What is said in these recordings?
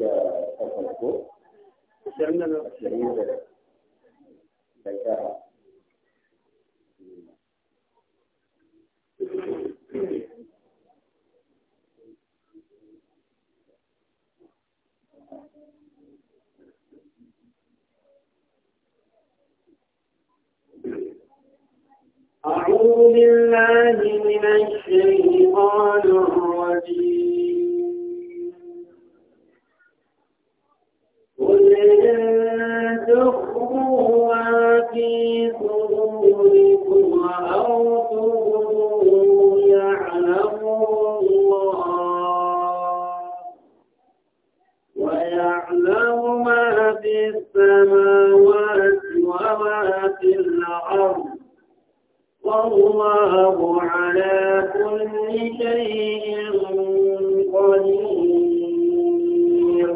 da takwas ko? Ashirin da da السماوات وما في الأرض والله على كل شيء قدير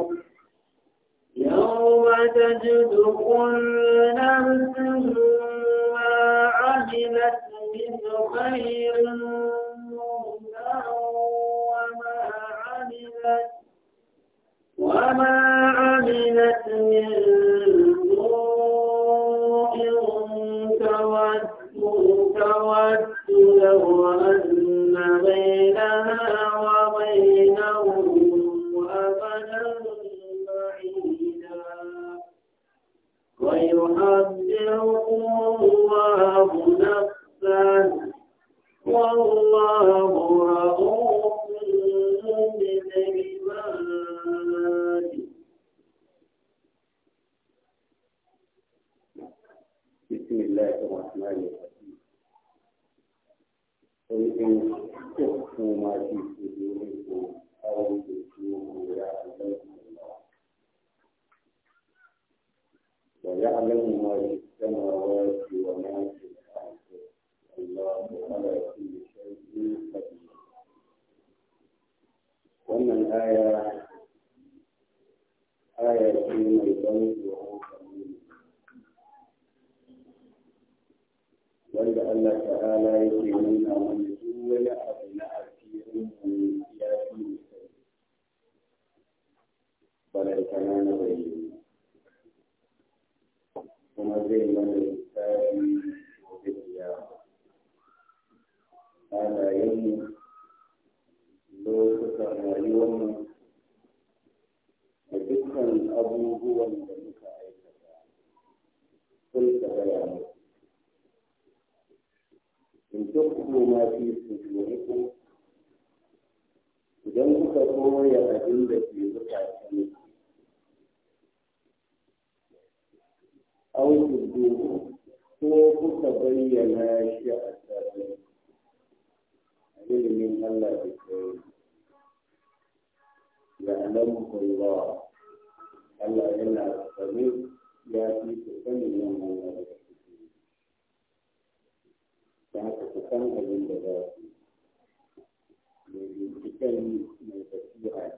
يوم تجد كل نفس ما عملت من خير وما عملت من ولو أن بينها وبينهم أبدا بعيدا ويحذركم الله نفسه والله kuma shi su zo ne ko kawai ke ciwo ya alaihi wa ya ya alaihi wa ya kama wa ke wa na ke da ake Allah ko kada ya fi da shi ne wannan aya aya ce mai ban zuwa kamuni wanda Allah ta'ala yake kuma zai mana misali gobe kiyama halayenmu lokutan rayuwarmu da dukkan abubuwan da muka aikata sun tsaya mu in duk ma fi su وقلت بني الهاشي أسابيكم أجل من الله بكين يعلمه الله ألا إلا أسابيك يأتي تكن من الله بكين فهك تكن من الله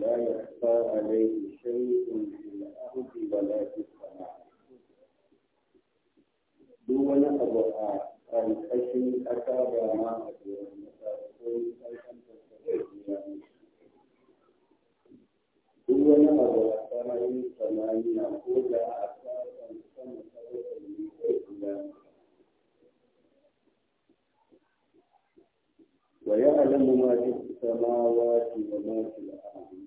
لا يخفى عليه شيء في الأرض ولا في السماء duk wani abu a ƙarƙashin ƙasa ba ma a doron ƙasa ko ƙarƙashin tattalin duniya duk wani abu a sararin samaniya ko da a sararin sama sarrafa ne kai duniya wa ya alamu ma fi samawati da ma fi al'adu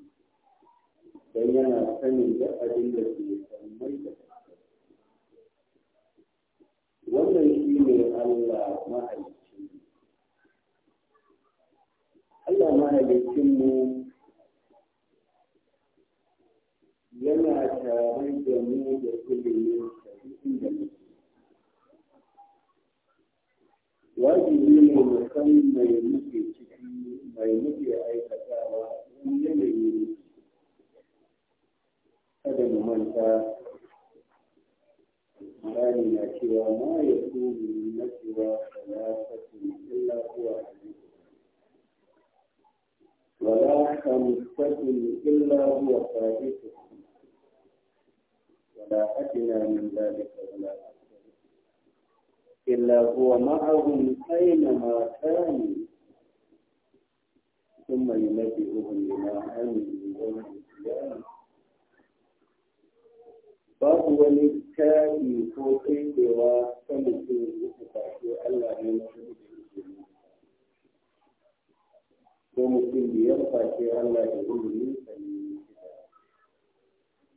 dan yana sanin duk abin da ke sammai da wannan shi ne Allah mahalicin Allah mahalicin mu yana tare da mu da ilimin inda wajibi ne mu san mai muke ciki mai muke aikatawa wani yanayi kada mu manta misali na cewa ma ya kuru na cewa ولا خمسة إلا هو ثابت ولا أدنى من ذلك ولا أكثر إلا هو معهم أينما كانوا ثم ينبئهم بما عملوا يوم القيامة babu wani tabi ko tsindewa ta mutum uku kafin Allah ne masu izini ko mutum biyar kafin Allah ya izini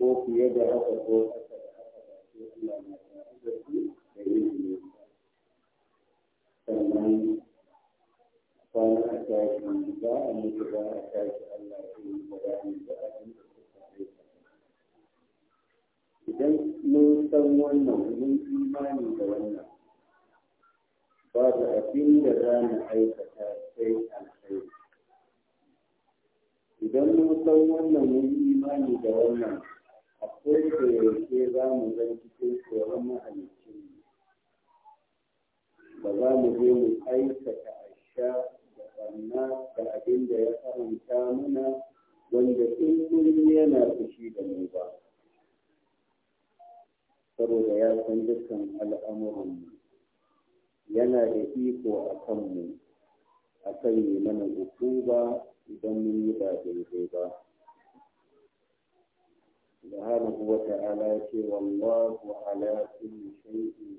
ko fiye da haka ko haka da haka kafin Allah na tare da su da izini sannan kwana a tashi ba a mutu a tashi Allah ya yi da ranar da abin idan mun san wannan mun imani da wannan babu abin da za mu aikata sai alkhairi idan mun san wannan mun imani da wannan akwai kayayyake za mu zan cikin tsoron mahalicci ba za mu je mu aikata asha da ɓanna da abin da ya faranta mana wanda in yana fushi da mu ba. saboda ya san dukkan al'amuranmu yana da iko a kanmu a kan yi mana ba idan mun yi ba daidai ba subhanahu wa ta'ala ya ce wallahu ala kulli shay'in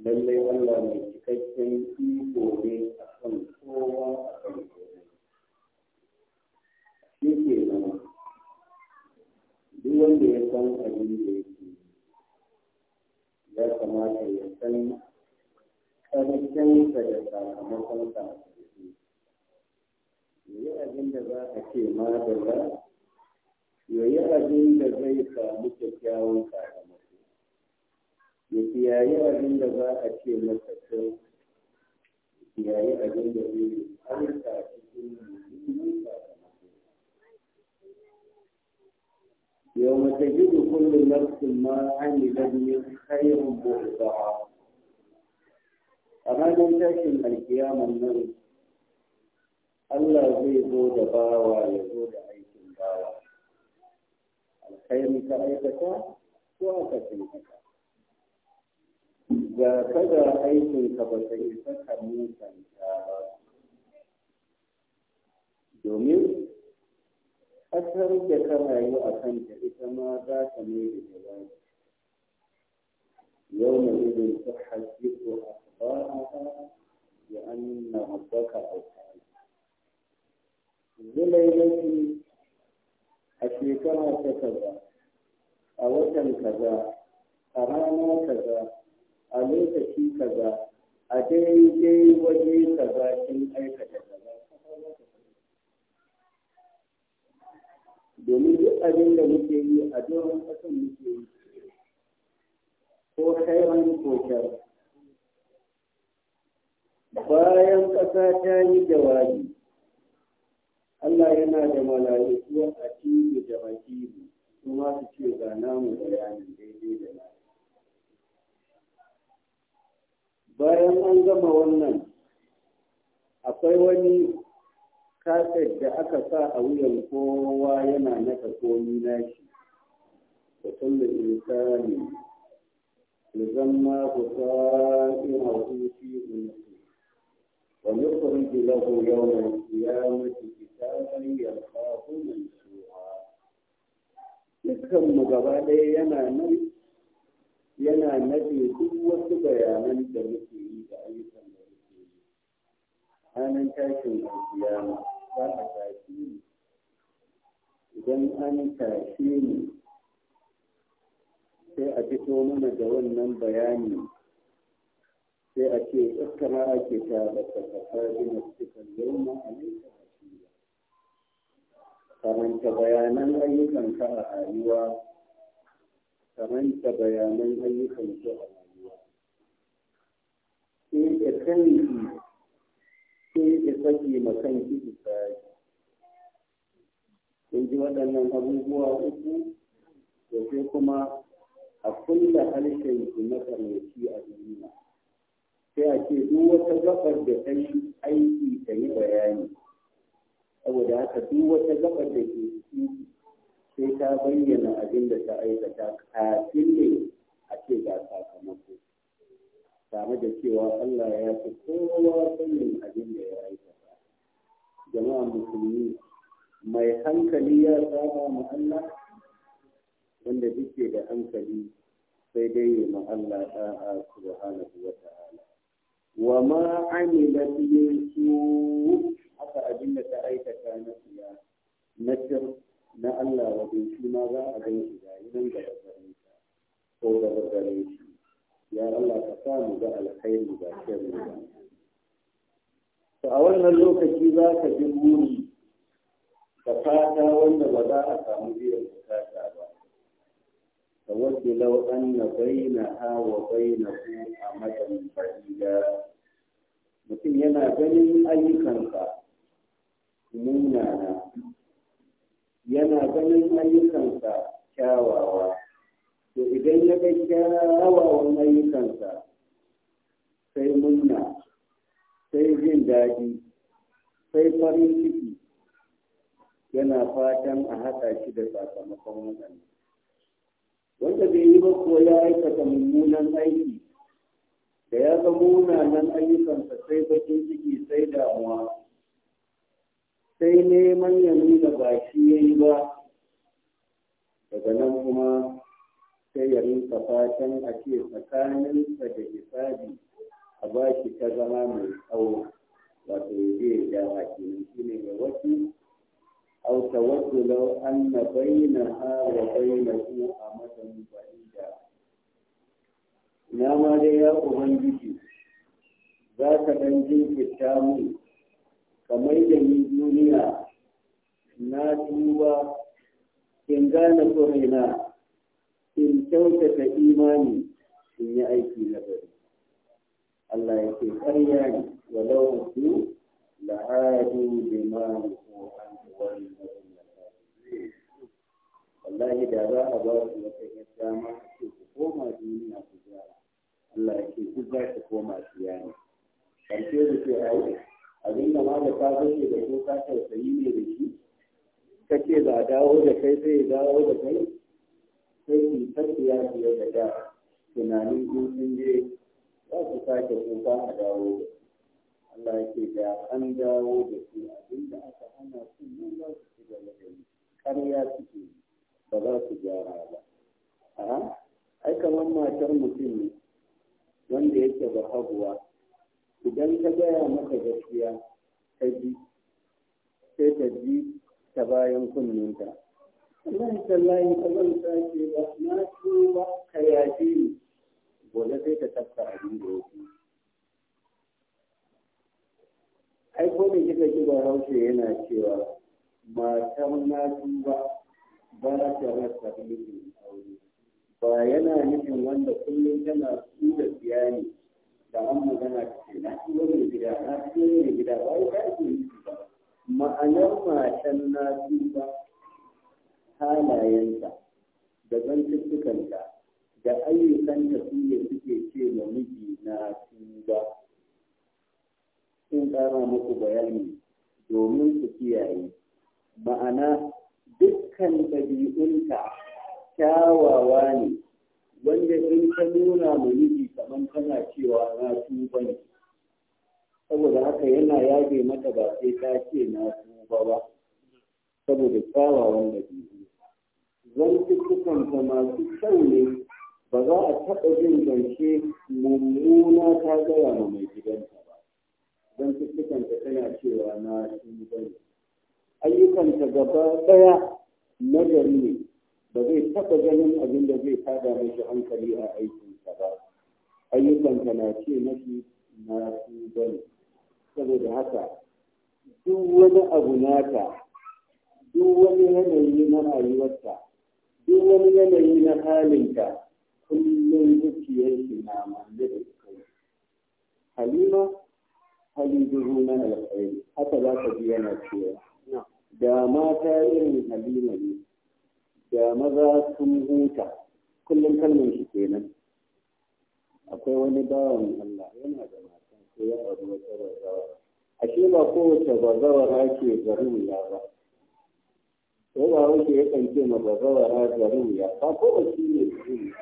lallai Allah mai cikakken iko ne akan kowa akan kowa shi ke wanda ya san abin da yake ya kamata ya san ƙarfinsa da sakamakon sa yi abin da za a ce madalla ya yi abin da zai samu kyakkyawan sakamako ya kiyaye abin da za a ce masa kyau ya yi abin da zai harka cikin mutum يوم تجد كل نفس ما عملت من خير محضرا أما من تاشم القيامة النبي الله زي زود باوى يزود عيش باوى الخير كأيكتا وأكتنكتا ga kada aikinka ba ta isa ka musanta ba domin ƙasar da ka rayu a kanta ita ma za ta mai da jawabi yau na izin ta hajjiku a ba'aha ya an na rabbaka alƙali zulailaci a shekara ta kaza a watan kaza a rana kaza a lokaci kaza a daidai waje kaza kin aikata kaza domin duk abin da muke yi a doron ƙasan muke yi ko kairan ko bayan ƙasa ta yi jawabi Allah yana da mala'iku a cibi da makibi kuma su ce ga namu bayanin daidai da na bayan an gama wannan akwai wani kafet da aka sa a wuyan kowa yana naka na nashi da kulle insani idan ma ku sa sa'in a wuci unsu wa nukhrij lahu yawm al-qiyamati kitaban yalqahu mansura dukkan Dukkanmu gaba ɗaya yana nan yana nabi duk wasu bayanan da muke yi da ayyuka ranar tashin ma. za a tashi ne idan an tashi ne sai a fito mana da wannan bayani sai a ce iskama ake ta da kasafa bina cikin yamma a nesa karanta bayanan ka a rayuwa karanta bayanan ayyukan ka a rayuwa sai da kanki sai saki makan ki ki tsari kun ji waɗannan abubuwa uku da sai kuma a kulla harshen ki makarnaci a duniya sai a ce duk wata gabar da ta aiki ta yi bayani saboda haka duk wata gabar da ke ciki sai ta bayyana abin da ta aikata kafin ne a ce ga sakamako tare da cewa Allah ya fi kowa sanin abin da ya aikata. Jama'a musulmi mai hankali ya saba ma Allah wanda duke da hankali sai dai yi ma Allah da'a subhanahu wa ta'ala. Wa ma amila bihi su haka abin da ta aikata na siya na na Allah wa shi ma za a gan shi ga nan gaba samu ga alkhairi ba kyau ba to a wannan lokaci za ka ji muni da fata wanda ba za a samu biyan bukata ba ka wadda lau anna ha wa a amadan ba'ida mutum yana ganin ayyukansa munana yana ganin ayyukansa kyawawa to idan ya ga kyawawan ayyukansa sai murna sai jin daji sai farin ciki yana fatan a haɗa shi da sakamakon waɗanda wanda bai yi ba ko ya aikata mummunan aiki da ya ga munanan ayyukansa sai bakin ciki sai damuwa sai neman ya nuna ba shi ya yi ba daga nan kuma sai ya rinka fatan a ce tsakaninsa da hisabi a ba shi ta zama mai tsawo wato ya je ya dawa shi ne ga wasu bayyana ha wa bayyana su a أمدا بعيدا na ma dai ya ubangiji za ka dan jinkirta mu kamar da ni duniya na duba in gane kuraina in kyautata imani in yi aiki na gari Allah ya ce ƙarya ne walau su da limanu ko an wani wallahi da za a ba su wata yan dama ce ku koma duniya ku gyara Allah ya ce ku za ku koma siya ne ƙarshe da ke ai abin da ma da ka zace da ko ka tausayi ne da shi ka ce ba dawo da kai sai ya dawo da kai sai ki tafiya fiye da da tunanin sun je za su sake kuka a dawo da su Allah ya ce da an dawo da su abinda aka hana su nan za su ci gaba da yi ƙarya suke ba za su gyara ba a ai kamar matar mutum ne wanda yake ba haguwa idan ta gaya maka gaskiya ta ji sai ta ji ta bayan kunninta Allah ya tallahi ba zan sake ba na ba ka yaje ni gobe sai ta tafka abin da yake ai ko da kika ji bahaushe yana cewa matan na duba ba ta rasa mijin aure ba yana nufin wanda kullum tana su da biya ne da an magana ta ce na tuwo mai gida na tuwo mai gida ba ya ta ake yi ma'anar matan na duba halayenta da zantuttukanta da ayyukan da su suke ce ma miji na tuba sun kara muku bayani domin su kiyaye ma'ana dukkan ɗabi'unka kyawawa ne wanda in ka nuna ma miji kamar kana cewa na tuba ne saboda haka yana yage mata ba sai ta ce na tuba ba saboda kyawawan ɗabi'u zan zama masu kyau ne ba za a taɓa jin zance mummuna ta gaya ma mai gidanta ba don tuttukanta tana cewa na shi bane ayyukanta gaba ɗaya nagari ne ba zai taɓa ganin abin da zai tada mashi hankali a aikinsa ba ayyukanta na ce mashi na shi bane saboda haka duk wani abu nata duk wani yanayi na rayuwarta duk wani yanayi na halinta kullum zuciyar shi na manzo da kai halima hali duhu na alkhairi haka za ka ji yana cewa da mata irin halima ne da maza sun huta kullum kalmar shi kenan akwai wani bawan Allah yana da matan ko ya abu wata bazawara ashe ba kowace bazawara ke garin ya ba ko ba wuce ya kan ce ma bazawara garin ya ba kowace ne garin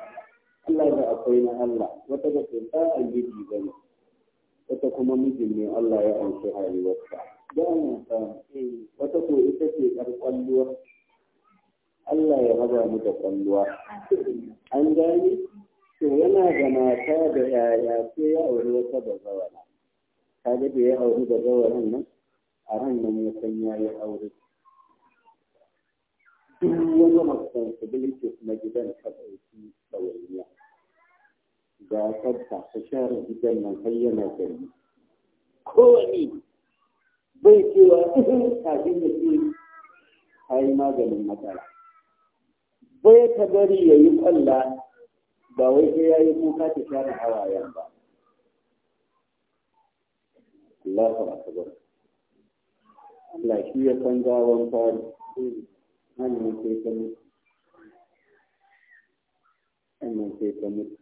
Allah da akwai na Allah wata ba ta ba a gidi ba ne wata kuma mijin ne Allah ya amshi rayuwarsa da ana samu wata ko ita ce ɗan kwalluwa Allah ya raba mu da kwalluwa an gani to yana da mata da yaya sai ya auri wata bazawara kaga da ya auri bazawaran nan a ran nan ya san ya yi aure duk wani responsibilities na gidan ka ɗauki ɗawainiya ga tsabta ta share gidan nan har yana gari kowane bai cewa kafin ya ke a yi maganin matsala bai ta bari ya yi kwalla ba wai sai ya yi kuka ta share hawayen ba Allahu akbar Allah shi ya san gawan fari hannun sai ta mutu hannun sai ta mutu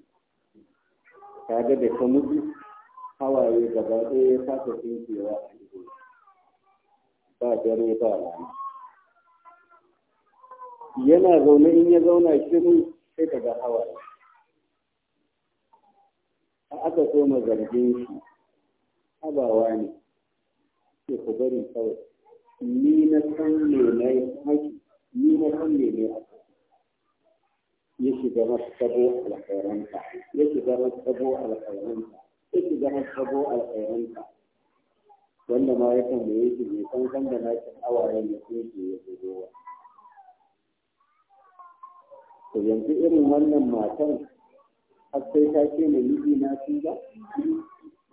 kaga da ka mutu hawaye gaba ɗaya ya fasa tsinkewa a ido ba dare ba rana yana zaune in ya zauna shiru sai ka ga hawaye a aka so ma zargin shi abawa ne ke ku bari kawai ni na san me na yi haki ni na san ne ne a kai ya shiga masabo alkhairanta ya shiga masabo alkhairanta wanda ma ya shi bai san san da nakin awayen ya kuma ke ya shigo ba to yanzu irin wannan matan har sai ta ce mai miji na ba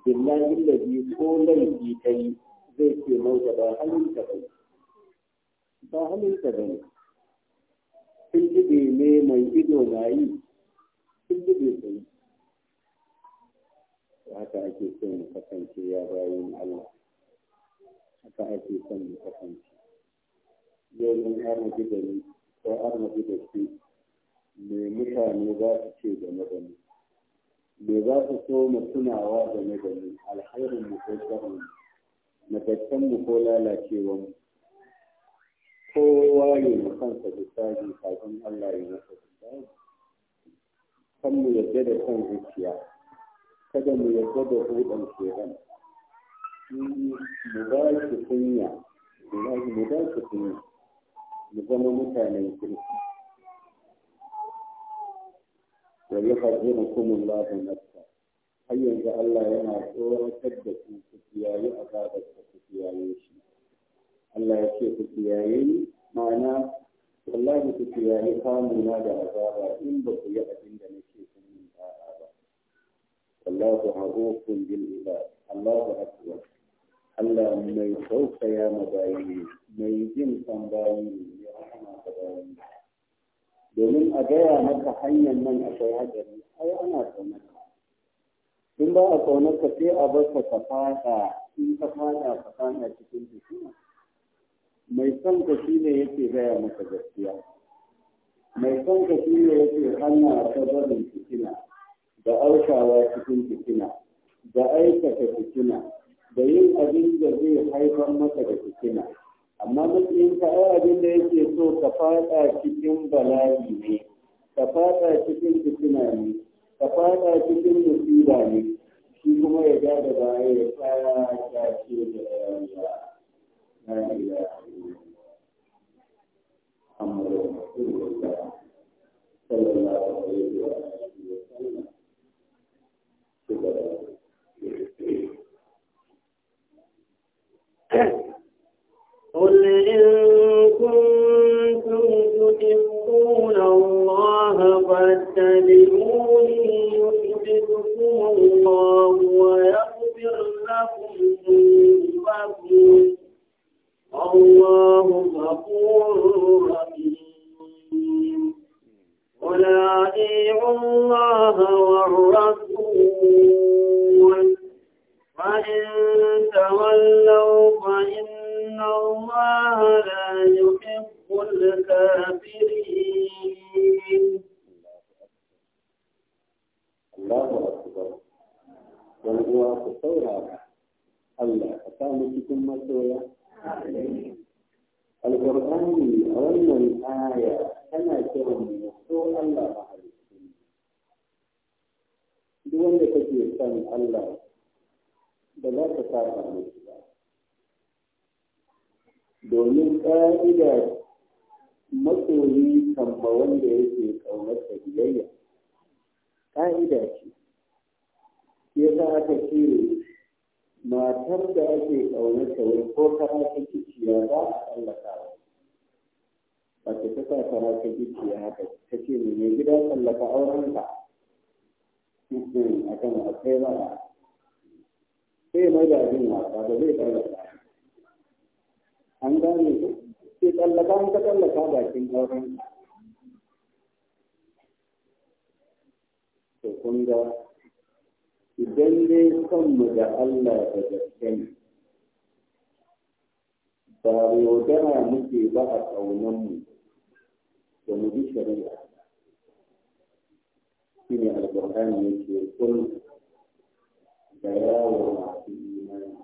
billahi ko laifi ta yi zai ce mauta ba halin ta ba halin ta ba ne tuntuɓe ne mai ido na yi tuntuɓe sai haka ake son mu kasance ya bayan Allah haka ake son mu kasance yau in har na da ni ko har na da shi me mutane za su ce game da ni me za su so mu tunawa game da ni alkhairin mu ko sharrin mu mu ko lalacewa. mu kowa ne yi kansa tsari kafin Allah ya masa hisabi kan mu yadda da son zuciya kada mu yadda da hudan shekan mu ba shi kunya mu ba shi kunya mu zama mutanen kirki wa yuharrimukum Allah nafsa har yanzu Allah yana tsoratar da ku ku a azabar ku kiyaye shi Allah ya ce ku kiyaye ni ma'ana wallahi ku kiyaye kamun na da azaba in ba ku yi abin da nake kun yi da'a ba wallahu ha'ufun bil ibad Allahu akbar Allah mai tausaya ma bayi mai jin san bayi mai rahama ga bayi domin a gaya maka hanyar nan akwai hadari ai ana tsaunaka in ba a tsaunaka sai a bar ka ka fada in ka fada ka fada cikin jikina mai son ka shi ne yake gaya maka gaskiya mai son ka shi ne yake hana ta barin fitina da aukawa cikin fitina da aikata fitina da yin abin da zai haifar maka da fitina amma matsayin ka ai abin da yake so ka fada cikin bala'i ne ka fada cikin fitina ne ka fada cikin musiba ne shi kuma ya ga da baya ya tsaya ya ce da ya محمد رسول الله صلى الله عليه وآله وسلم قل إن كنتم تحبون الله فاتبعوني يحببكم الله ويغفر لكم ذنوبكم الله غفور رحيم قل أطيعوا الله والرسول فإن تولوا فإن الله لا يحب الكافرين الله أكبر والله أكبر Allah ka sa mu cikin masoya. Alƙur'ani a wannan ana kiran mu Allah ba halittu duk wanda kake son Allah ba za ka saba mishi ba domin ƙa'ida masoyi kamba wanda yake ƙaunar da biyayya ƙa'ida ce ya sa aka cire matar da ake ƙaunar ta wani ko kara take ciya ba a ba. wacce ta sa fara ta gicciya haka ta ce mai gida tsallaka aurenka a kan akwai mara sai mai da abin wasa ba zai tsallaka an gane Ke tsallaka an ka tsallaka bakin aurenka. to kun ga idan dai kanmu da Allah da gaske ne ba yaudara muke ba a ƙaunanmu da mu bi shari'a shi ne alƙur'ani yake kun da yawa masu imani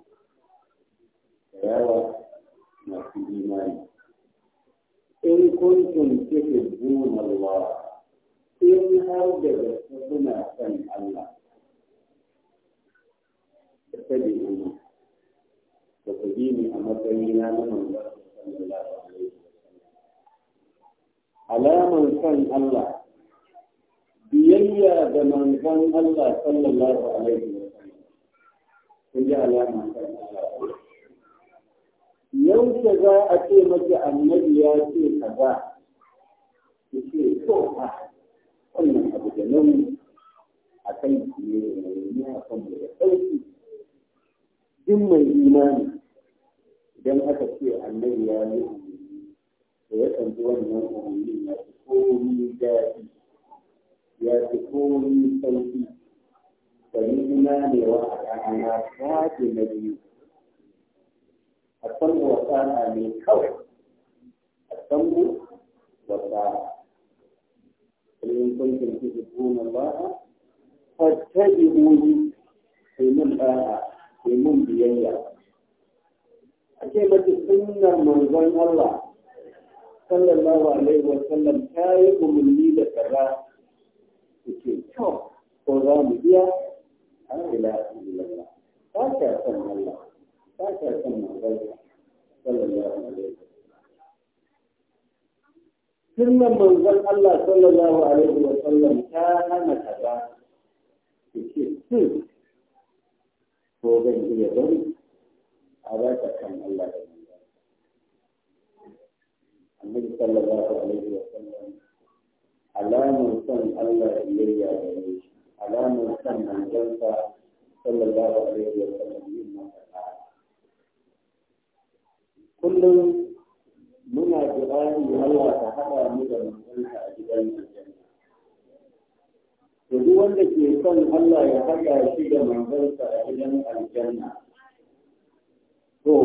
da yawa masu imani in kuntum tuhibbun Allah in har da gaske suna son Allah da tabi'u a matsayina na manzon alaman kan Allah biyayya da manzon Allah sallallahu alaihi wa sallam kun ji alaman san Allah yaushe za a ce maki annabi ya ce kaza ki ce to fa wannan abu da nan a kan ki ne mai a kan da sauki mai imani idan aka ce annabi ya yi da ya ɗanzu wannan umarnin ya fi komi daɗi ya fi komi sauƙi domin ina ne wa a rana zaɓi na biyu a san wasa'a ne kawai a san wasa'a in kuntum tuhibbuna sai mun sai mun biyayya ake mace manzon Allah sallallahu alaihi wa sallam ta yi umarni da tsara su ce kyau ko za mu biya a ila ilalla ba ta san Allah ba ta san manzon sallallahu alaihi wa sunnan manzon Allah sallallahu alaihi wa sallam ta hana tsara su ce ko zan iya bari a ba ta san Allah da annabi sallallahu alaihi wa sallam alamun san Allah biyayya gare shi alamun san manzansa sallallahu alaihi wa sallam yin masa kullum muna jirani Allah ta haɗa mu da manzansa a gidan aljanna to duk wanda ke son Allah ya haɗa shi da manzansa a gidan aljanna to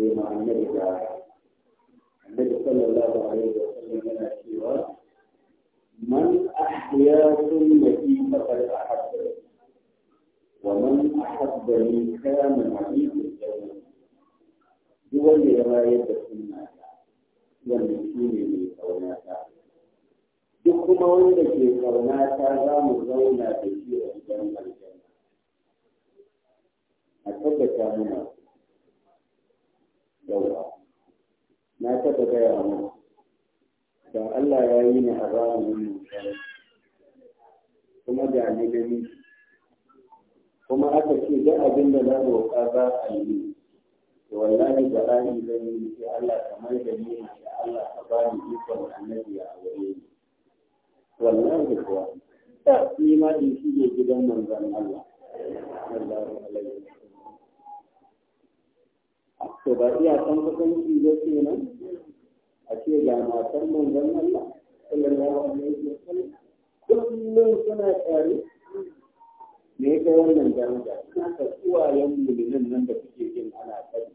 bai ma'anar النبي صلى الله عليه وسلم لنا سوى من أحيا سنتي فقد أحبني ومن أحبني كان معي في الجنة دول رواية السنة والمسلمين من قولاتها duk kuma wanda ke kauna ta za mu zauna da shi a gidan na taɓa gaya mu da Allah ya yi ni a zamanin mutane kuma da ni gani kuma aka ce da abin da na roƙa za a yi wallahi da rani zan yi sai Allah kamar da ni na da Allah ka ba ni ikon annabi a aure ni wallahi kuwa ta ni ma in shige gidan manzon Allah sallallahu alaihi to ba iya san kusanci ba ke nan a ce ga matar manzon Allah sallallahu alaihi wa sallam kullum suna tare me yake wannan daraja ina ka uwayen mulinin nan da kuke jin ana kai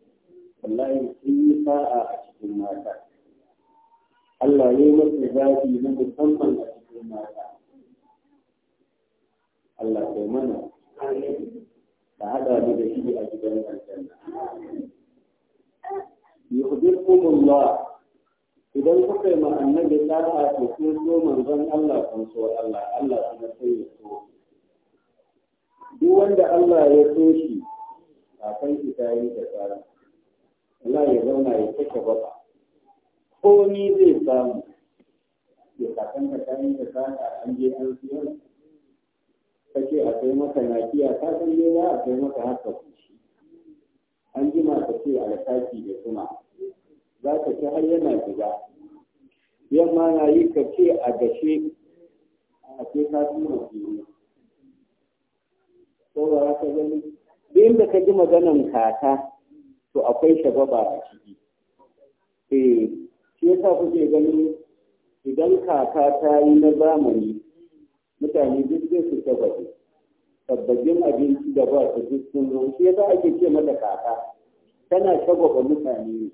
wallahi sun yi sa'a a cikin mata Allah ya yi masa zafi na musamman a cikin mata Allah kai mana ta haɗa mu da shi a gidan aljanna yuhibbukumullah idan kuka yi annabi da'a to kun so manzon Allah kun so Allah Allah kuma sai ya so duk wanda Allah ya so shi kafin ki ta yi da tsara Allah ya zauna ya kashe baka komi zai samu ya kafin ka ta yi da tsara an je an siyar kace a kai maka nakiya ka san ne ya a kai maka haka kuci an jima ka ce a tashi da suna za ka ci har yana shiga yamma na yi ka ce a gashe a ce ka fi mafi ko ba ka gani duk inda ka ji maganan kaka to akwai shagaba a ciki eh shi yasa kuke ganin idan kaka ta yi na zamani mutane duk zai su shagaba tabbajin abinci da ba su duk sun zo shi yasa ake ce mata kaka tana shagwaba mutane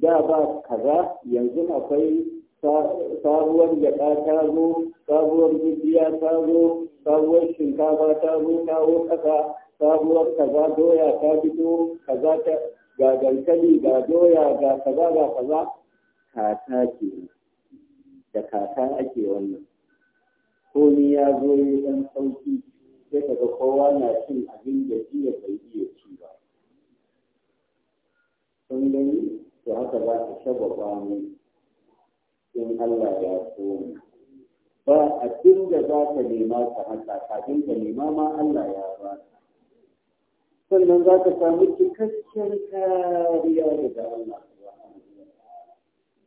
da ba kaza yanzu akwai sabuwar gyaɗa ta zo sabuwar gudiya ta zo sabuwar shinkafa ta zo kawo ƙasa sabuwar kaza doya ta fito kaza ta ga dankali ga doya ga kaza ga kaza kata ce da kata ake wannan komi ya zo ya ɗan sauki sai kaga kowa na cin abin da jiya bai iya ci ba sun gani to haka za ka shaba kwanu in Allah ya so ba abin da za ka nema ka haka kafin ka nema ma Allah ya ba sannan za ka samu cikakken kariya daga Allah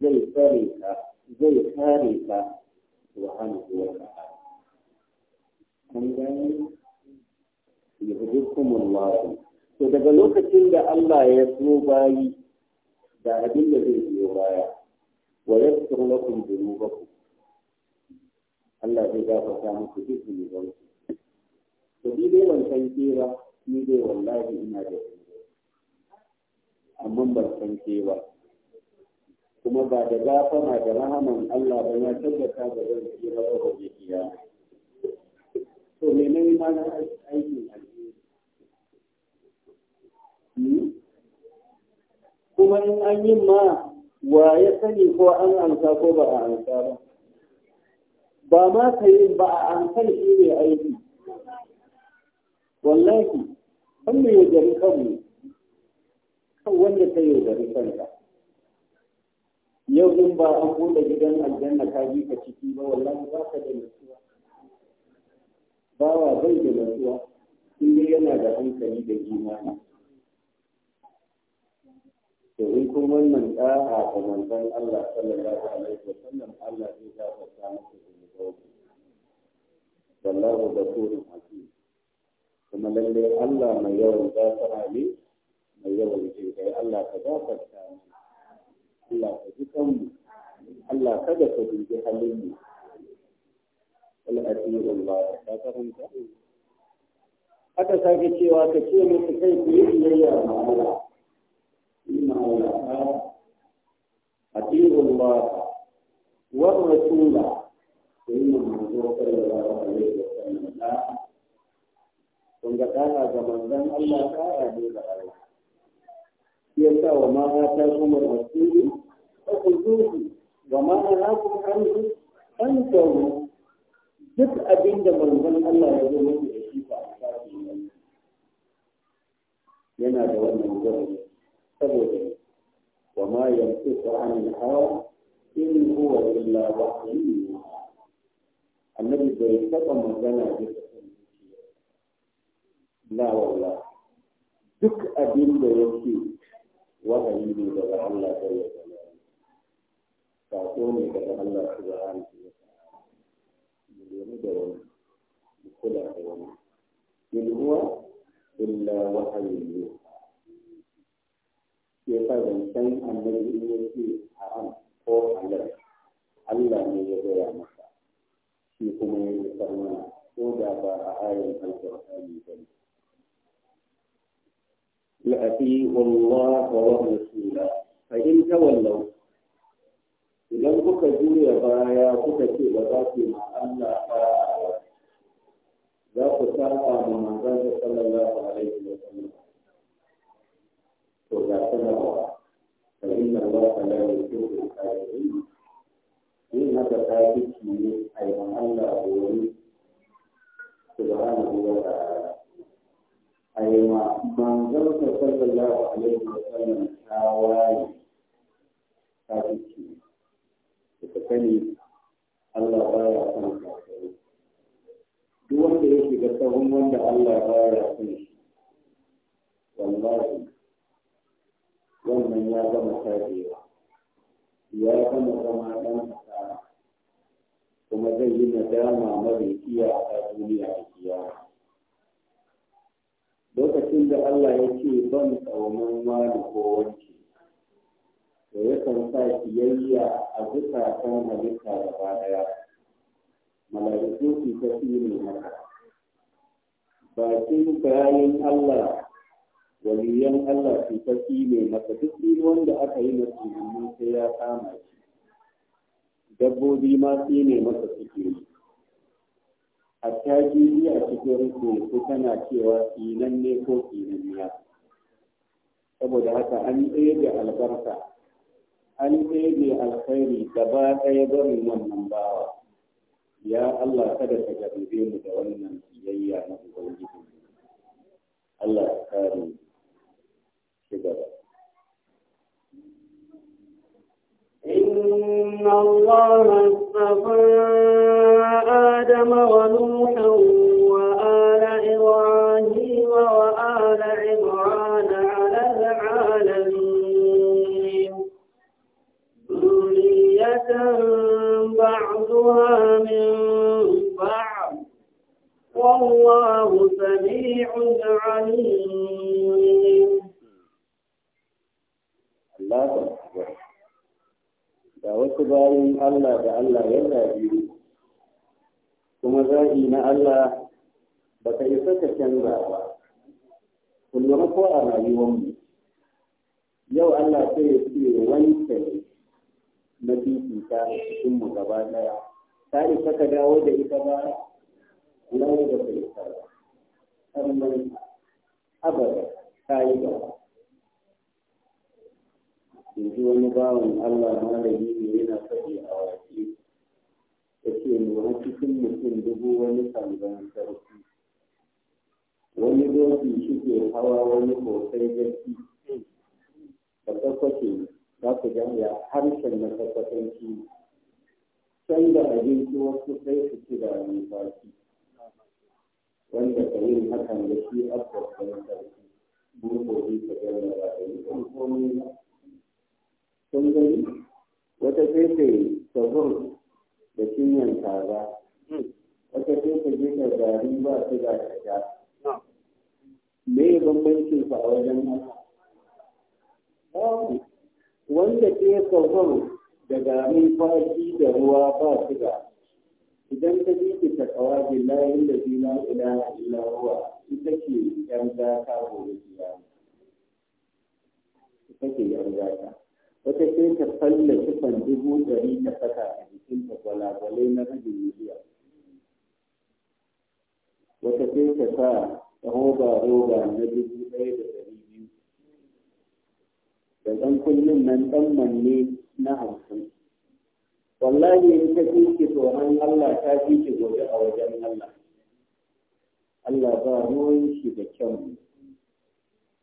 zai tsare ka zai kare ka subhanahu wa ta'ala to daga lokacin da Allah ya so bayi da abin da zai biyo baya wa yaghfir lakum dhunubakum Allah zai gafarta muku duk zunubanku to ni dai ban san ke ba ni dai wallahi ina da amma ban san ke ba kuma ba da gafara da rahaman Allah ba na tabbata ba zan tsira ba gobe kiyama to me ne ma na aikin alheri hmm? kuma in an yi ma wa ya sani ko an amsa ko ba a amsa ba ba ma ka yi ba a amsar shi ne aiki wallahi kan mai yaudari kanmu kan wanda ta yaudari kanka yau in ba an buɗe gidan aljanna ka ji ka ciki ba wallahi ba ka da nutsuwa bawa bai da natsuwa in yana da hankali da imani to in kun wannan da'a ga manzon Allah sallallahu alaihi wa sallam Allah zai gafarta muku zunubanku wallahu ghafurun hakim kuma lalle Allah mai yawan gafara ne mai yawan jinkai Allah ka gafarta mu Allah ka ji kanmu Allah kada ka dubi halin mu al'adirin ba ta karanta aka sake cewa ka ce musu kai ku yi biyayya ma Allah yi ma Allah ta rasula yi ma manzo sallallahu alaihi wa sallam da kun ga kana ga manzon Allah ta ne da Allah sa wa ma ta kuma rasuli fa kuzuhu wa ma na kuma an duk abin da manzon Allah ya zo mai da shi ba a tsari yana da wannan gurin saboda wa ma yantiqu anil hawa in huwa illa wahyun annabi bai taɓa magana da la walla duk abin da yake wahayi ne daga Allah da ya sako ne daga Allah subhanahu wa ta'ala game da wani kula da wani in huwa illa wahayin yuha ya sa zancen annabi in ya ce haram ko halal Allah ne ya gaya masa shi kuma ya yi mana ko da ba a ayin alƙur'ani ba ne لأتيعوا الله ورسوله فإن تولوا kuka juya baya kuka ce ba za ku yi Allah ba za ku saba da manzon da sallallahu alaihi wa sallam to ga sanarwa fa inna Allah la yuhibbu al in haka ta kici ne a yi Allah gobe subhanahu wa ta'ala a yi ma manzon da sallallahu alaihi wa sallam tawaye ta yi. ka sani Allah baya son kafirai duk wanda ya shiga sahun wanda Allah baya son shi wallahi wannan ya gama tajewa ya zama zama ɗan kasara kuma zai yi nadama mara iya a duniya da kiyama lokacin da Allah ya ce ban tsaunin wani ko wanki da yakan sa kiyayya a zukatan halitta gaba daya mala'iku su ta tsire maka bakin bayan Allah waliyan Allah su ta ne maka duk wanda aka yi masu yi sai ya kama shi dabbobi ma tsine masa suke yi hatta jiri a cikin teku tana cewa tsinan ne ko ya saboda haka an tsaye da albarka an ɗebe alkhairi gaba ɗaya barin wannan bawa ya Allah kada ka jarrabe mu da wannan biyayya na ubangiji Allah ya kare shi gaba إن الله اصطفى آدم ونوح bayan Allah da Allah yana biyu kuma zaɓi na Allah ba ka isa ka canza ba kullum ko a rayuwarmu yau Allah sai ya ce wanke na fifita a cikinmu gaba ɗaya ta isa ka dawo da ita ba na da kai, isa ba sannan abada ta yi gaba yanzu wani bawan Allah malami yana faɗi a wace Ya ce nuna cikin mutum dubu wani sandan sarki wani doki shi ke hawa wani kosai gaski da kwakwace za ku jami'a harshen na kwakwatanci can da abinci wasu sai su ci da numfashi wanda ka yin hakan da shi abubuwan sarki bukoki ka jami'a ba da yi komai sun gani wata sai ta sabon da cinyan kaza hmm. wata sai ta je ta gari ba su ga shiga me ya bambancin sa a wajen haka wanda ke sabon da gari fashi da ruwa ba su ga idan ka ji ki ta kawa billahi da zina ila ila ruwa ita ke yan gata gobe kiyama ita ke yan gata wata sai ta falle kifan dubu ɗari ta saka a jikinta gwalagwale na rabin miliya wata sai ta sa roba-roba na dubu ɗaya da ɗari biyu da ɗan kullum nan ɗan manne na hamsin wallahi in ta fi ki tsoron Allah ta fi ki gobe a wajen Allah Allah ba ruwan shi da kyanmu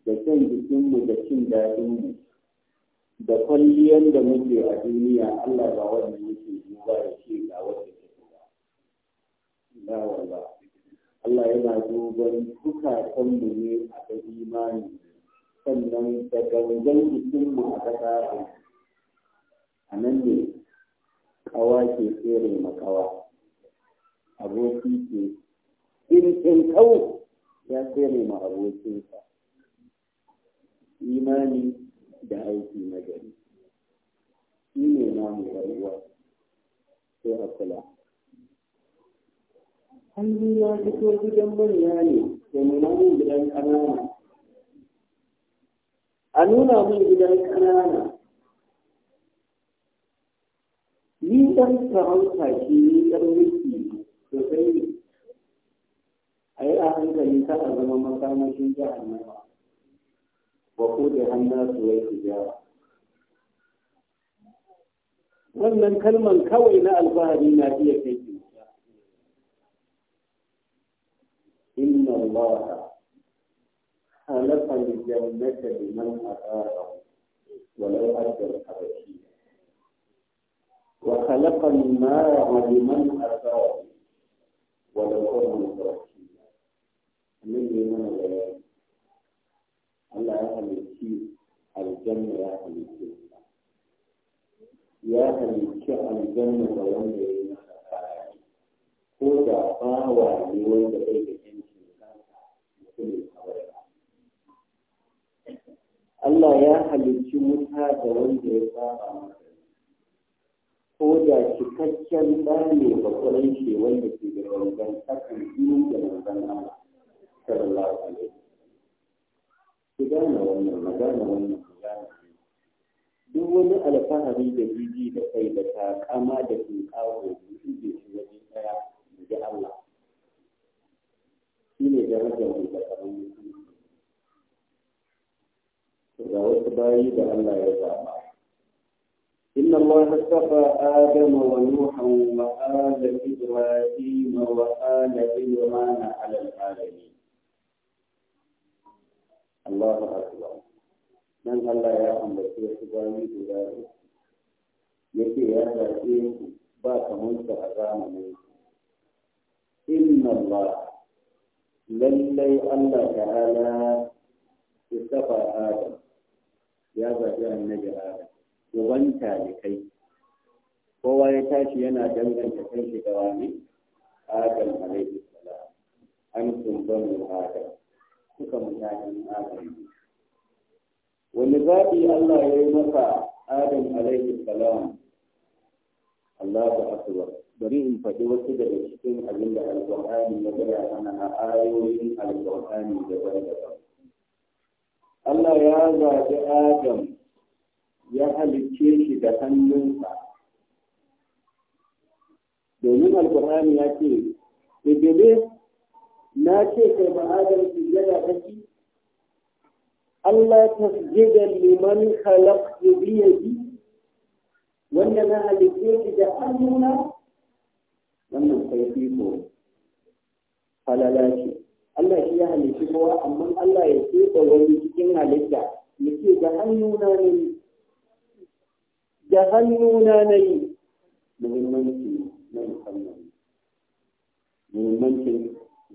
da kyan jikinmu da cin daɗinmu da kwalliyar da muke a duniya Allah ba wani yake duba ya ce ga wata ke duba la wala Allah yana duban kukatan mu ne a ga imani sannan da gangan jikin mu a kasa a nan ne kawa ke tsere makawa aboki ke in kawo ya tsere ma abokinsa imani da aiki na gari shi ne namu rayuwa ko a kula hannu ya fito gidan manya ne da nuna min gidan ƙanana a nuna min gidan ƙanana ni ɗan sarauta shi ni ɗan wiki sosai a yi a hankali kada zama makamashin jihar nama وقودها الناس والتجارة ومن كلمة كوي لا الظاهر النادية في إن الله خلق الجنة لمن أراده ولو أدى الحبشية وخلق النار لمن أراده ولو أدى الحبشية من لمن غيره Allah ya halicci aljanna ya halicci ya halicci aljanna da wanda ya yi masa kaya ko da bawa ne wanda bai da yankin kansa ya kawai Allah ya halicci wuta da wanda ya saba masa ko da cikakken ɗane ba shi wanda ke da gangan biyu da da Allah sallallahu alaihi ku gane wannan magana wannan magana duk wani alfahari da jiji da kai da takama da tunkawo mutum ke shi waje daya da Allah shi ne darajar mu da kamar mutum ga wasu bayi da Allah ya zaba إن الله اصطفى آدم ونوحا وآل إبراهيم وآل عمران على العالمين Allahu akbar nan Allah ya ambaci su bayi guda yake ya zaɓe ku ba kamar su a zamanin inna ba lallai Allah ta'ala istafa Adam ya zaɓi annabi Adam uban talikai kowa ya tashi yana danganta kanshi da wani Adam alaihi salam an kun banu Adam suka mutanen adam wani zaɓi Allah ya yi masa adam alaihi salam Allah ba akbar bari in faɗi wasu daga cikin abin da alƙur'ani ya gaya mana a ayoyin alƙur'ani daban-daban Allah ya zaɓi adam ya halicce shi da hannunsa domin alƙur'ani ya ce iblis na ce kai ba yana Allah liman khalaqtu bi wanda na shi da hannuna wannan ce Allah shi ya kowa amma Allah ya keɓe wani cikin halitta ya ce da hannuna da hannuna muhimmanci na muhimmancin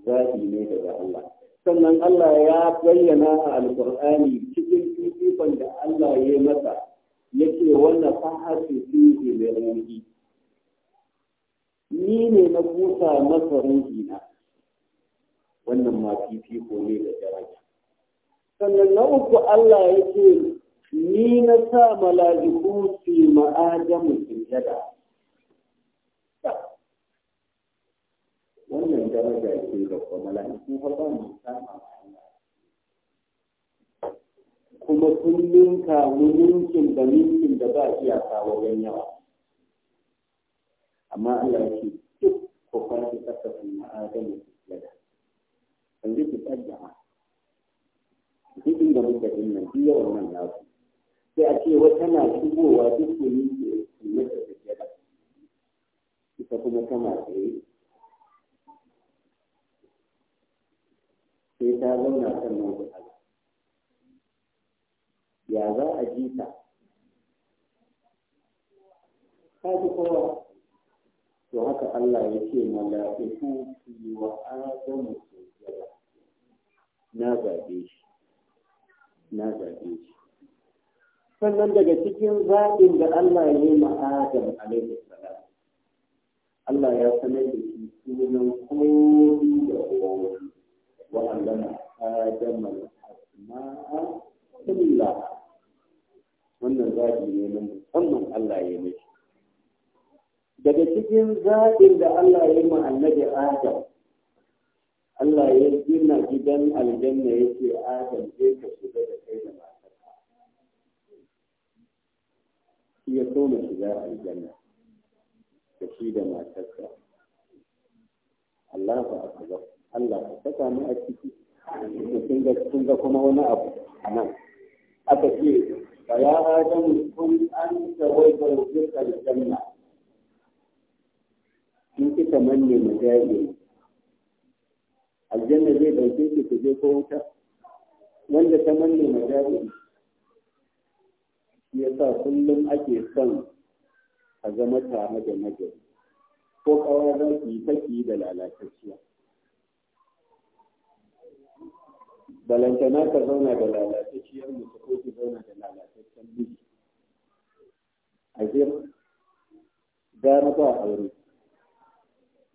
zaɓi ne daga Allah sannan Allah ya bayyana a alƙur'ani cikin fifikon da Allah ya yi masa yake wannan fahasi yi da ruhi ni ne na kusa masa ruhi na wannan ma fifiko ne da daraja sannan na uku Allah ya ce ni na sa mala'iku su ma'adamu sujada wannan daraja ce ga kwamala su fa ba mu sama kuma sun ninka mulkin da mulkin da ba iyaka wajen yawa amma Allah ya ce duk ku kwanci tsakafin na adamu yada yanzu ki tsadda duk inda muka dinnan duk yawan nan nasu sai a ce wata na shigowa duk mulki da ke mata da ita kuma tana tsaye sai ta zauna sannan ku haɗu ya za a ji ta ta ji kowa to haka Allah ya ce mala'iku su yi wa Adamu sujjada na zaɓe shi na zaɓe shi sannan daga cikin zaɓin da Allah ya yi ma Adam alaihi salam Allah ya sanar da shi sunan komi da kowa وعلم آدم الأسماء كلها wannan zaɓi ne na musamman Allah ya mishi daga cikin zaɓin da Allah ya yi annabi Adam Allah ya gina gidan aljanna ya ce Adam zai ka shiga da kai da matarka shi ya so na shiga aljanna da shi da matarka Allah ba a Allah ka saka mu a ciki kun ga kun ga kuma wani abu a nan aka ce fa ya adam kun an tawaiba rizqa aljanna in kika manne majali aljanna zai dauke ki ku je ko wuta wanda ta manne majali shi yasa kullum ake son a zama tare da nagari ko kawai zan yi saki da lalatacciya balantana ka zauna da lalatacciyar mace ko ki zauna da lalataccen miji a jira gara ba aure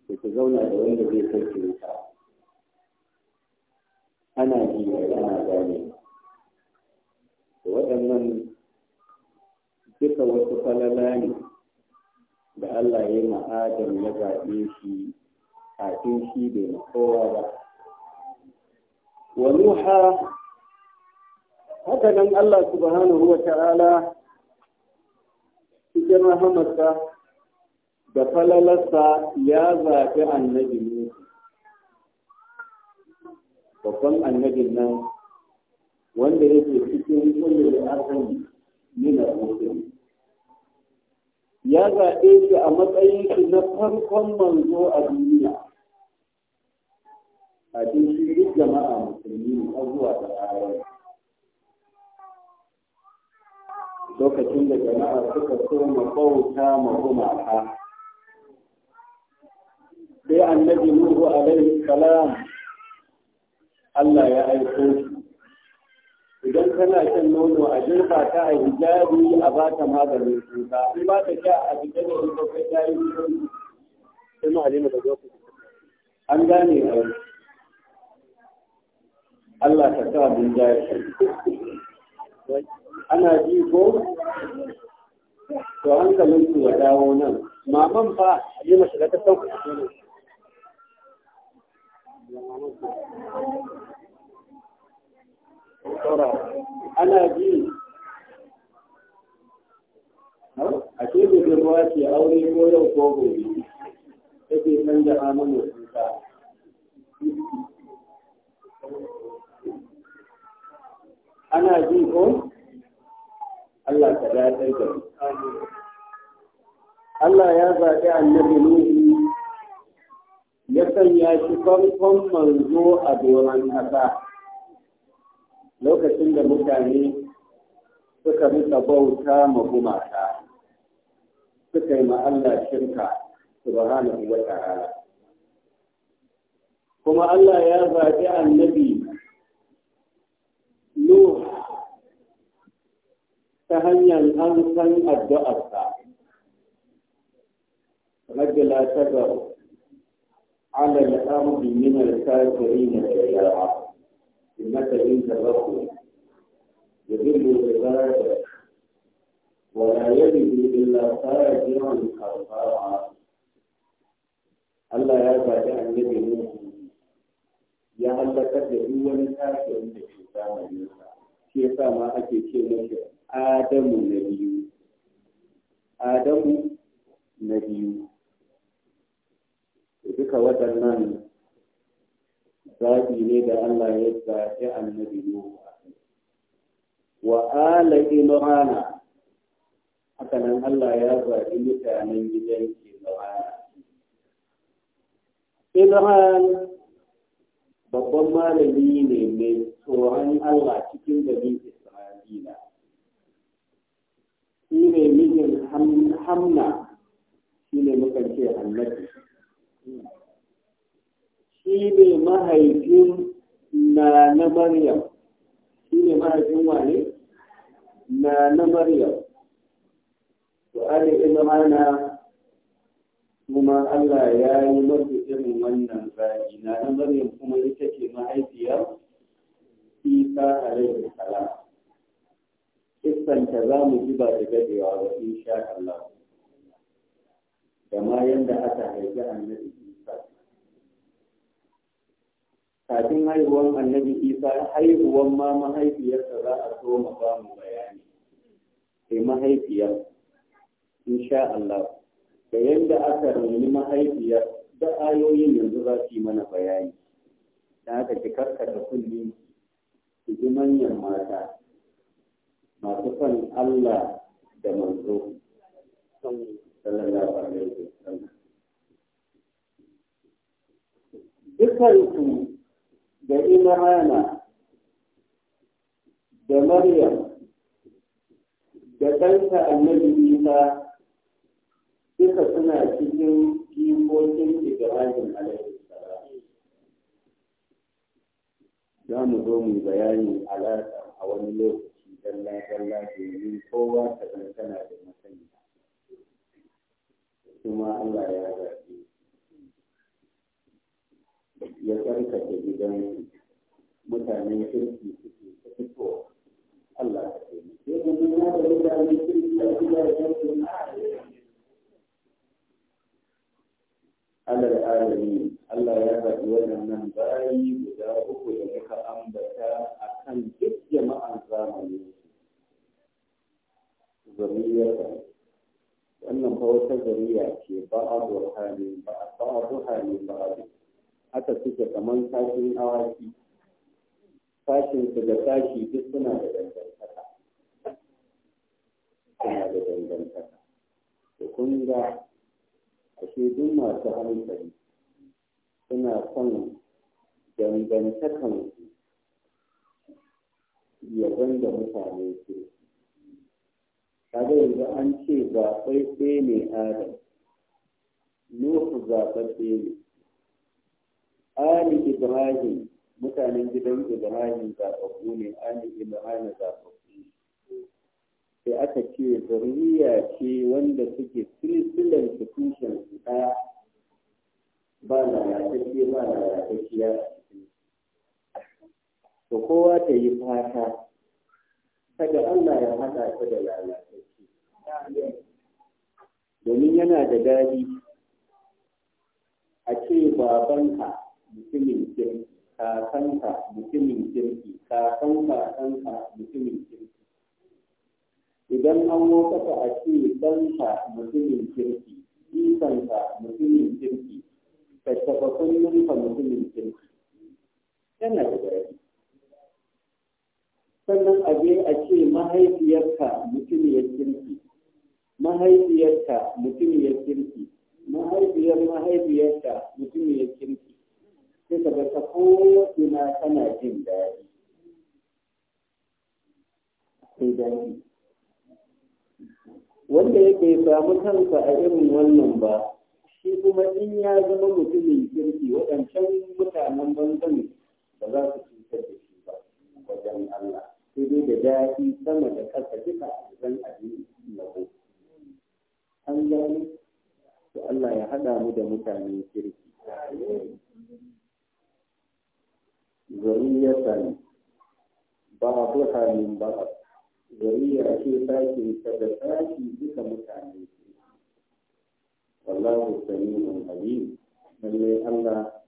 da ki zauna da wanda zai kai ki wuta ana ji ana gane waɗannan duka wasu falala ne da Allah ya ma'adam ya zaɓe shi kafin shi bai na kowa ba wa nuha haka nan Allah subhanahu wa ta'ala cikin rahamarsa da falalarsa ya zaɓi annabi ne babban annabin nan wanda yake cikin kullum da arzani nuna mutum ya zaɓe shi a matsayin shi na farkon manzo a duniya a cikin duk jama'a musulmi har zuwa da ayoyi lokacin da jama'a suka so mu bauta ma gumaka sai annabi nuhu alaihi salam Allah ya aiko shi idan kana shan nono a jirka ta a hijabi a ba ta maganin cuta in ba ta sha a fita da ita kai ta yi an gane a الله كتاب جائز أنا جيكو وأنت من تداونا ما من فا لما شغلت سوق ترى أنا جي أكيد بالرواتي أو يقول أو قوي تبي من جامعة ana ji ko Allah ka Allah ya zaɓi annabi Nuhu ya sanya shi farkon manzo a doron ƙasa lokacin da mutane suka rika bauta ma gumaka suka yi ma Allah shirka subhanahu wa ta'ala kuma Allah ya zaɓi annabi ta hanyar an san addu'arsa rajula ta ga ala al'amri min al-kafirin shay'a innaka in tabahu yadullu bi zarada wa la yajidu illa fajiran kafara Allah ya zaɓi annabi Nuhu ya halakar da duk wani kafirin da ke zamaninsa shi yasa ma ake ce mashi adamu na biyu adamu na biyu duka waɗannan zafi ne da Allah ya zaɓi annabi Nuhu wa ala imrana haka nan Allah ya zaɓi mutanen gidan imrana imran babban malami ne mai tsoron Allah cikin gari Isra'ila shi ne mijin hamna shi ne muka ce annabi shi ne mahaifin na na maryam shi ne mahaifin wane na na maryam to ali imana kuma Allah ya yi mafi irin wannan zaki na na maryam kuma ita ce mahaifiyar isa alaihi salam kissanta za mu ji ba da gajewa ba insha Allah da ma yanda aka haifi annabi Isa kafin haihuwan annabi Isa haihuwan ma mahaifiyarsa za a so mu ba mu bayani sai mahaifiyar insha Allah da yanda aka rani mahaifiyar da ayoyin yanzu za su yi mana bayani da aka ki karkata kulli ki ji manyan mata masu son Allah da manzo sallallahu alaihi wasallam dukansu da imana da maryam da ɗansa annabi isa duka suna cikin jikokin ibrahim alaihi za mu zo mu bayani alaƙa a wani lokaci dalla dalla domin kowa ta zan tana da masani kuma Allah ya zaɓi ya tsarkake gidan mutanen kirki suke ta fito Allah ta taimake mu mun ya da mutanen kirki a gidajen su alal alami Allah ya zaɓi waɗannan bayi guda uku da muka ambata a kan duk jama'an zamani zuriyarsa wannan fa wata zuriya ce ba a ne ba a ne ba a haka suke kaman kashin awaki kashin su da kashi duk suna da dangantaka suna da dangantaka da kun ga ashe duk masu hankali suna son dangantakan yaban da mutane su kaga yanzu an ce sai ne adam nuhu zaɓaɓɓe ne ali ibrahim mutanen gidan ibrahim zaɓaɓɓu ne ali ibrahim zaɓaɓɓu ne sai aka ce zuriya ce wanda suke silsilar su tushen su ɗaya ba na ce, ba na lalatacciya to kowa ta yi fata kada Allah ya haɗa ta da lalata domin yana da daɗi a ce babanka mutumin kirki kakanka mutumin kirki kakanka kakanka mutumin kirki idan an lokata a ce ɗanka mutumin kirki jikanka mutumin kirki tattaba kullum ka mutumin kirki yana da dadi sannan a je a ce mahaifiyarka mutumin kirki mahaifiyarta mutumiyar kirki mahaifiyar mahaifiyarta mutumiyar kirki sai ka ta ta ina tana jin daɗi sai daɗi wanda yake samu kansa a irin wannan ba shi kuma in ya zama mutumin kirki waɗancan mutanen banzan ba za su cutar da shi ba wajen Allah sai dai da daɗi sama da ƙasa duka a cikin abin yabo. an gani to Allah ya haɗa mu da mutane kirki zuriyatan ba'dha halin ba. zuriya ce ke ta da saki duka mutane wallahu sami'un alim lallai Allah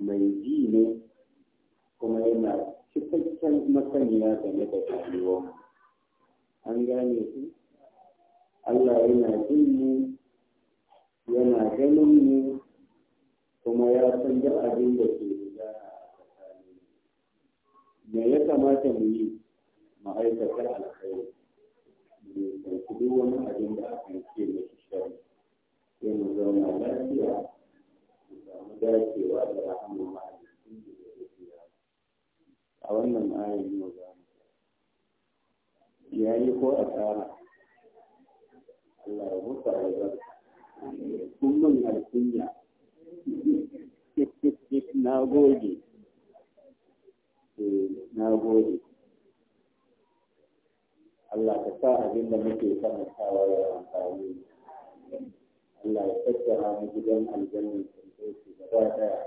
mai ji ne kuma yana cikakken masaniya game da rayuwar an gane su Allah yana jin mu yana ganin mu kuma ya san duk abin da ke gudana a tsakanin me ya kamata mu yi ma'aikatar alkhairi mu ɗauki duk wani abin da aka ce mashi shari sai mu zauna lafiya mu samu dacewa da rahamun ma'aikacin da ya rufiya a wannan ayin yau za mu ya yi ko a tsara Allah ya huta albarka kun mun alkunya na gode eh, na gode Allah ka sa abin da muke karantawa ya amfani Allah ya tattara mu gidan aljanna sosai gaba daya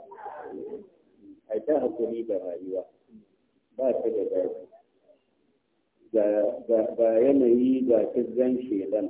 a ta hakuri da rayuwa ba ta da daɗi ga yanayi ga kizgan shelan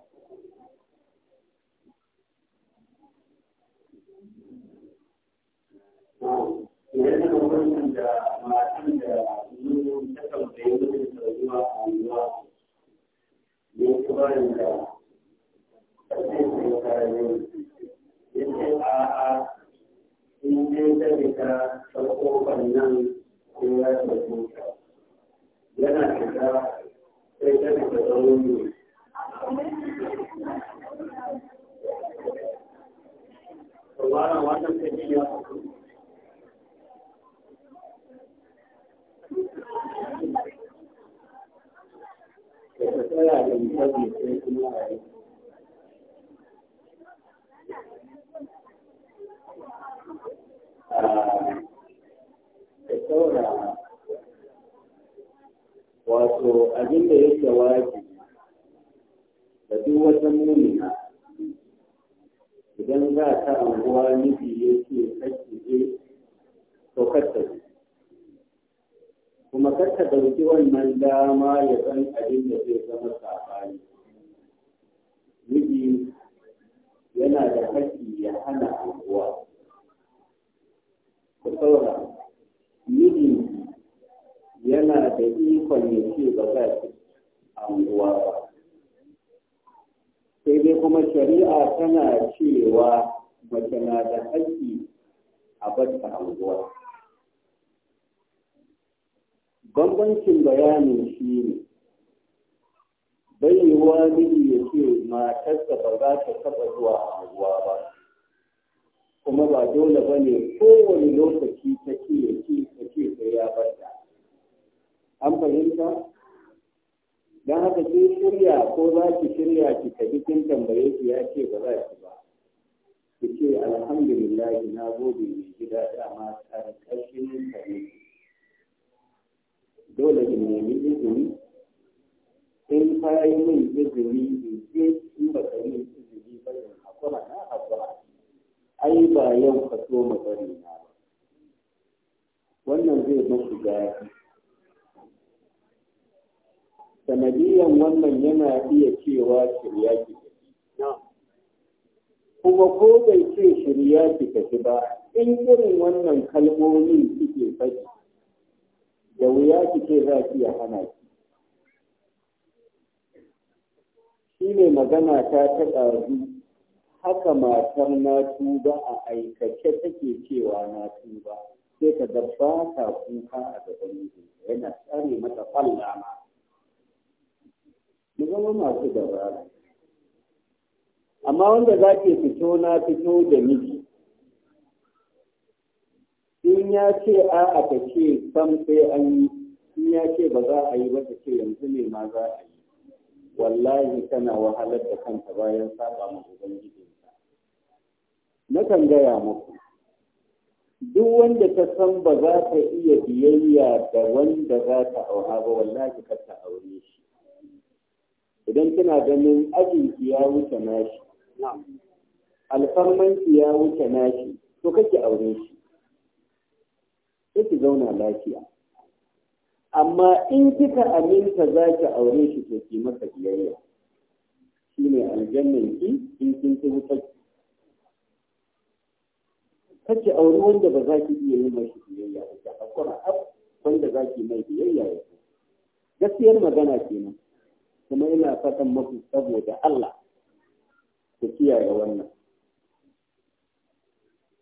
idan da wannan da matan da yin ta kamfe yin da ce in nan yana fita sai ta fita ne cewa mace na da haƙƙi a bata anguwa. Bambancin bayanin shi ne, bayyewa ya ce matarsa ba za ta taɓa zuwa anguwa ba, kuma ba dole ba ne kowane lokaci ta ce ya ce ta ce ta ya bata. An fahimta? Don haka kin shirya ko za ki shirya ki tafi kin tambaye ki ya ce ba za ki ba. ki ce alhamdulillah na gode mai gida dama ƙarƙashin kare dole in nemi izini in ka yi min izini in je in ba ka yi izini ba in haƙura na haƙura ai ba yau ka so ma bari na ba wannan zai masu gaya sanadiyan wannan yana iya cewa shirya ki kuma ko bai ce shirya ki tafi ba in irin wannan kalmomi kike faɗi da wuya kike za ki ya hana ki shi ne magana ta ta ƙaru haka matar na tuba a aikace take cewa na tuba sai ka dabba ta kuka a gaban mijin yana tsare mata fallama. ma mu zama masu dabara amma wanda za ke fito na fito da miji in ya ce a aka ce sam sai an yi in ya ce ba za a yi ba ta ce yanzu ne ma za a yi wallahi tana wahalar da kanta bayan saba ma ubangiji na kan gaya muku duk wanda ta san ba za ta iya biyayya da wanda za ta auha ba wallahi ka ta aure shi idan kina ganin ajinki ya wuce nashi alfarmanki ya wuce nashi to kake aure shi sai zauna lafiya amma in kika aminta za ki aure shi to ki masa biyayya shi ne aljannan ki in kin ci wuta kake aure wanda ba za ki iya yi mashi biyayya ba a kuma ab wanda za ki mai biyayya ya gaskiyar magana kenan kuma ina faɗan maku saboda Allah ku kiyaye wannan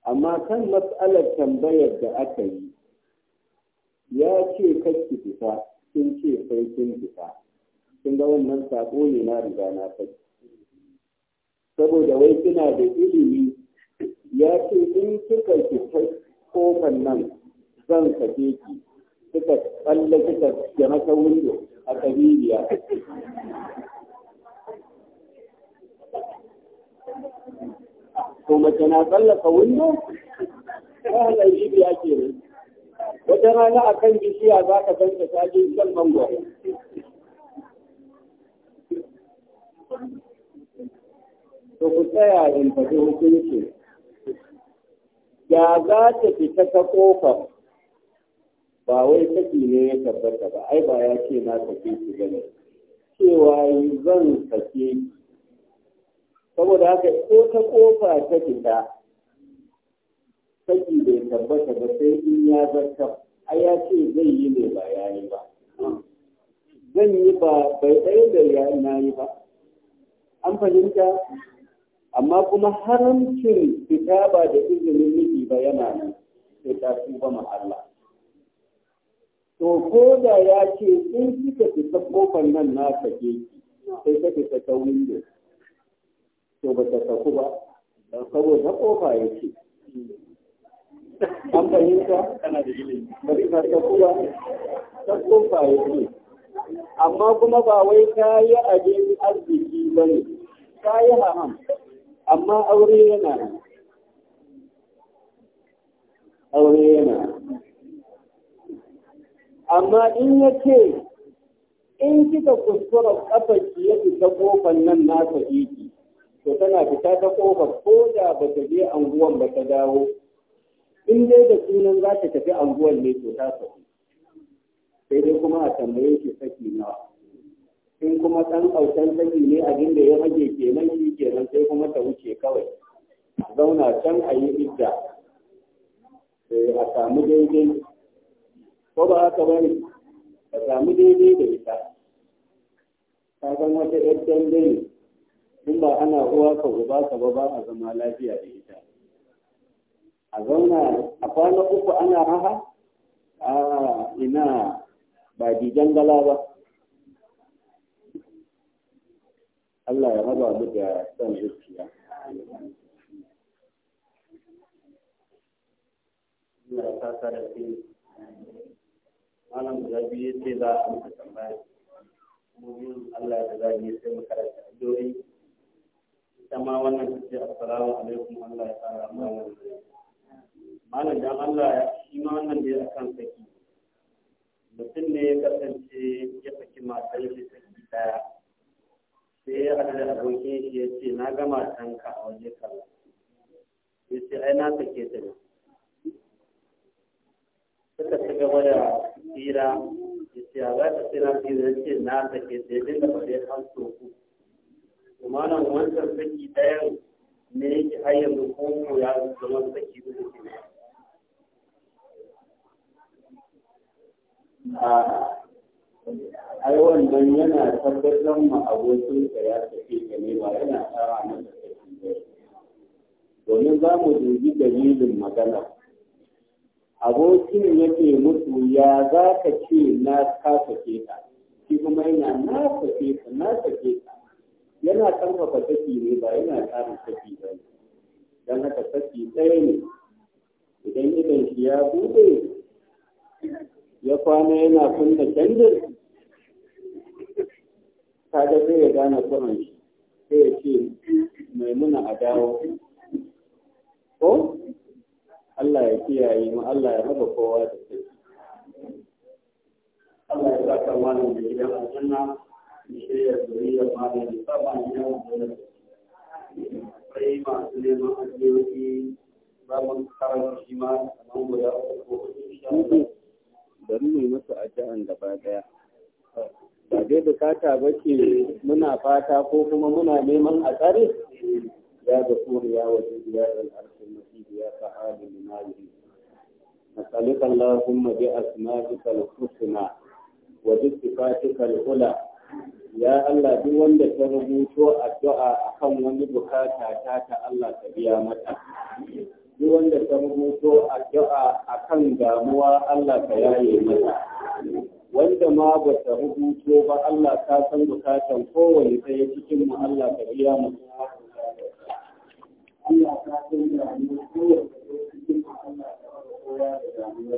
amma kan matsalar tambayar da aka yi ya ce ki fita sun ce sai kin fita Sun ga wannan sako ne na riga na kai saboda wai kina da ilimi ya ce in kika fita kofan nan zan sake ki suka tsalle kika jama ta windo a kabiliya to mace na tsallaka windo ta halar biya ke wata rana a kan bishiya za ka san ta tajin shan mangwaro to ku tsaya in faɗi hukunci ya za ta fita ta ƙofa ba wai saki ne ya tabbata ba ai ba ya ce na tafi ki gane cewa zan sake ki saboda haka ko ta kofa ta fita saki bai tabbata ba sai in ya zarta a ya ce zai yi ne ba ya yi ba zan yi ba bai ɗaya da ya na yi ba an fahimta amma kuma haramcin fita ba da izinin miji ba yana nan sai ta tuba ma Allah to ko da ya ce in kika fita kofar nan na sake sai ka fita ta windows to ba ta saku ba don saboda kofa ya ce an fahimta ba ta saku ba ta kofa ya ce amma kuma ba wai ka yi abin arziki ba ne ka yi haram amma aure yana aure yana amma in ya ce in kika kuskura kafa ki ya isa kofan nan na ta iki to tana fita ta kofar ko da ba ta je anguwan ba ta dawo in dai da sunan za ta tafi anguwan ne to ta saki sai dai kuma a tambaye shi saki nawa in kuma ɗan ƙaushen saki ne abin da ya rage kenan shi kenan sai kuma ta wuce kawai a zauna can a yi idda eh, a samu daidai ko ba haka ba ne a samu daidai da ita ta san wata ɗan dai in ba ana uwa ka uba ka ba ba a zama lafiya da ita a zauna a kwana uku ana raha a ina ba dijan gala ba Allah ya raba mu da son zuciya Allah ya saka da kai malam guda biyu ce za a muka tambaya mu biyu Allah ya zaga sai mu karanta addu'o'i ma wannan ce assalamu alaikum Allah ya fara amma mana malam dan Allah shi ma wannan da akan saki mutum ne ya kasance ya saki matar shi saki daya sai ya haɗu da abokin shi ya ce na ga matanka a waje kaza ya ce ai na sake ta ne suka ci gaba da tsira ya ce a za ka tsira tsira ya ce na sake ta ya dinga faɗe har sau uku malam wancan saki ɗayan ne yake har yanzu ko ya zama saki uku ke ai wannan yana tabbatar ma abokinsa ya tafi ka ne ba yana tsara masa saki ba domin za mu dubi dalilin magana abokin ya yake mutu ya za ka ce na ka sake ka shi kuma yana na sake ka na sake ka yana karfafa saki ne ba yana ƙara saki ba don haka saki ɗaya ne idan idan shi ya buɗe ya kwana yana kunna kyandir, kaga zai ya gane kuran shi sai ya ce maimuna a dawo ko Allah ya kiyaye mu Allah ya raba kowa da saki Allah ya saka mana da gidan aljanna shirya zuriyar malami ne masu neman guda uku mu addu'an gaba daya ba dai bukata ba ce muna fata ko kuma muna neman a tsare ya ga ya waje ya ɗan arzikin masidi ya sa'adu minari نسألك اللهم بأسمائك الحسنى وبصفاتك العلى ya Allah duk wanda ta rubuto addu'a akan wani bukata ta ta Allah ta biya mata duk wanda ta rubuto addu'a akan damuwa Allah ta yaye mata wanda ma ba ta rubuto ba Allah ta san bukatan kowane ɗaya cikin mu Allah ta biya mu Allah ta san damuwa kowane ɗaya cikin mu Allah ta biya mu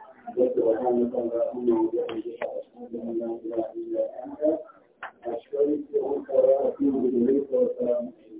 سبحانك اللهم وبحمدك أشهد أن لا إله إلا أنت أشهد أنك لا إله إلا أنت والسلام عليكم